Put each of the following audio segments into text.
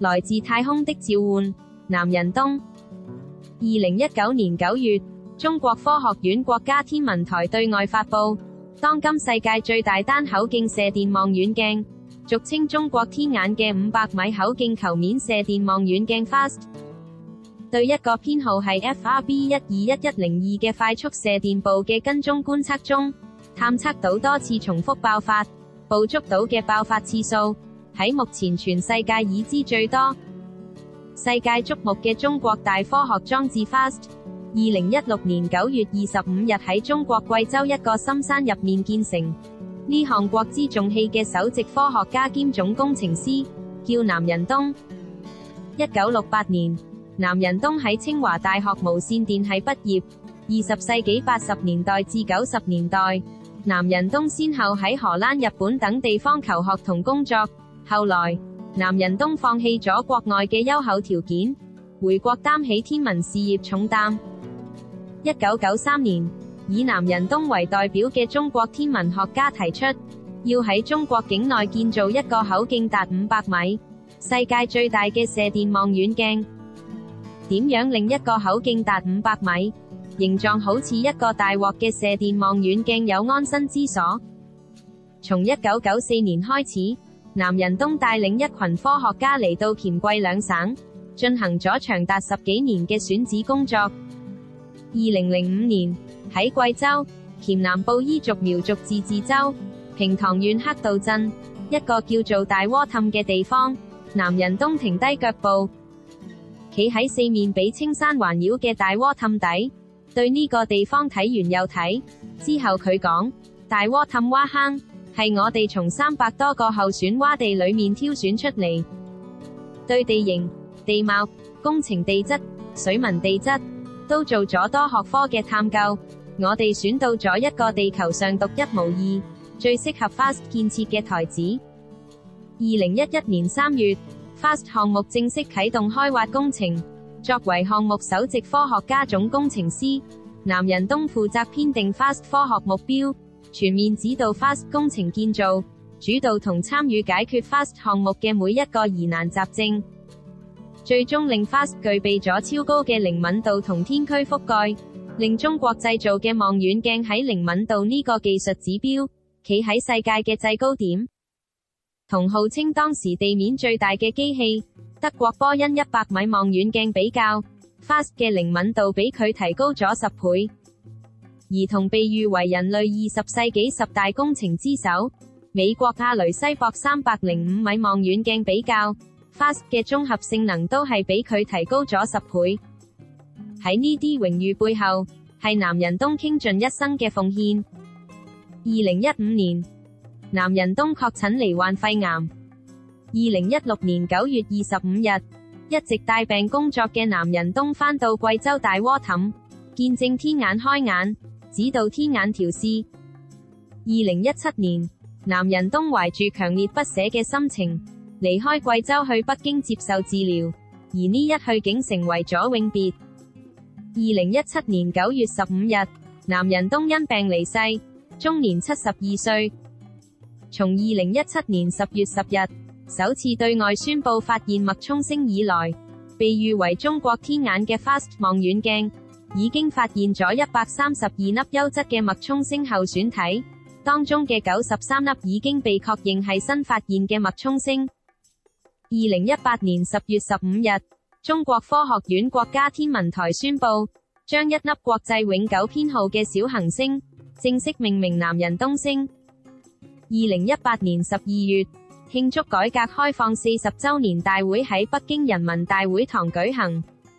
來自太空的召喚，南仁東。二零一九年九月，中國科學院國家天文台對外發佈，當今世界最大單口徑射電望遠鏡，俗稱中國天眼嘅五百米口徑球面射電望遠鏡 FAST，對一個編號係 FRB 一二一一零二嘅快速射電暴嘅跟蹤觀測中，探測到多次重複爆發，捕捉到嘅爆發次數，喺目前全世界已知最多、世界矚目嘅中國大科學裝置 FAST，二零一六年九月二十五日喺中國貴州一個深山入面建成。呢項國之重器嘅首席科學家兼總工程師叫南仁東。一九六八年，南仁東喺清華大學無線電系畢業。二十世紀八十年代至九十年代，南仁東先後喺荷蘭、日本等地方求學同工作。後來，南仁東放棄咗國外嘅優厚條件，回國擔起天文事業重擔。一九九三年，以南仁東為代表嘅中國天文學家提出，要喺中國境內建造一個口徑達五百米、世界最大嘅射電望遠鏡。點樣令一個口徑達五百米、形狀好似一個大鑊嘅射電望遠鏡有安身之所？從一九九四年開始。南仁東帶領一群科學家嚟到黔桂兩省，進行咗長達十幾年嘅選址工作。二零零五年，喺貴州黔南布依族苗族自治州平塘縣黑道鎮一個叫做大窩氹嘅地方，南仁東停低腳步，企喺四面被青山環繞嘅大窩氹底，對呢個地方睇完又睇，之後佢講：大窩氹窪坑係我哋從三百多個候選窪地裏面挑選出嚟，對地形、地貌、工程地質、水文地質都做咗多學科嘅探究。我哋選到咗一個地球上獨一無二、最適合 FAST 建設嘅台子。二零一一年三月，FAST 項目正式啟動開挖工程。作為項目首席科學家總工程師，南仁東負責編定 FAST 科學目標。全面指導 FAST 工程建造，主導同參與解決 FAST 項目嘅每一個疑難雜症，最終令 FAST 具備咗超高嘅靈敏度同天區覆蓋，令中國製造嘅望遠鏡喺靈敏度呢個技術指標企喺世界嘅制高點。同號稱當時地面最大嘅機器德國波恩一百米望遠鏡比較，FAST 嘅靈敏度比佢提高咗十倍。而同被譽為人類二十世紀十大工程之首，美國阿雷西博三百零五米望遠鏡比較，FAST 嘅綜合性能都係比佢提高咗十倍。喺呢啲榮譽背後，係南仁東傾盡一生嘅奉獻。二零一五年，南仁東確診罹患肺癌。二零一六年九月二十五日，一直帶病工作嘅南仁東返到貴州大窩氹，見證天眼開眼。指導天眼調試。二零一七年，南仁東懷住強烈不捨嘅心情離開貴州去北京接受治療，而呢一去竟成為咗永別。二零一七年九月十五日，南仁東因病離世，終年七十二歲。從二零一七年十月十日首次對外宣布發現脈衝星以來，被譽為中國天眼嘅 FAST 望遠鏡。已經發現咗一百三十二粒優質嘅脈衝星候選體，當中嘅九十三粒已經被確認係新發現嘅脈衝星。二零一八年十月十五日，中國科學院國家天文台宣布，將一粒國際永久編號嘅小行星正式命名南仁東星。二零一八年十二月，慶祝改革開放四十周年大會喺北京人民大會堂舉行。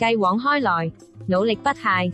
繼往開來，努力不懈。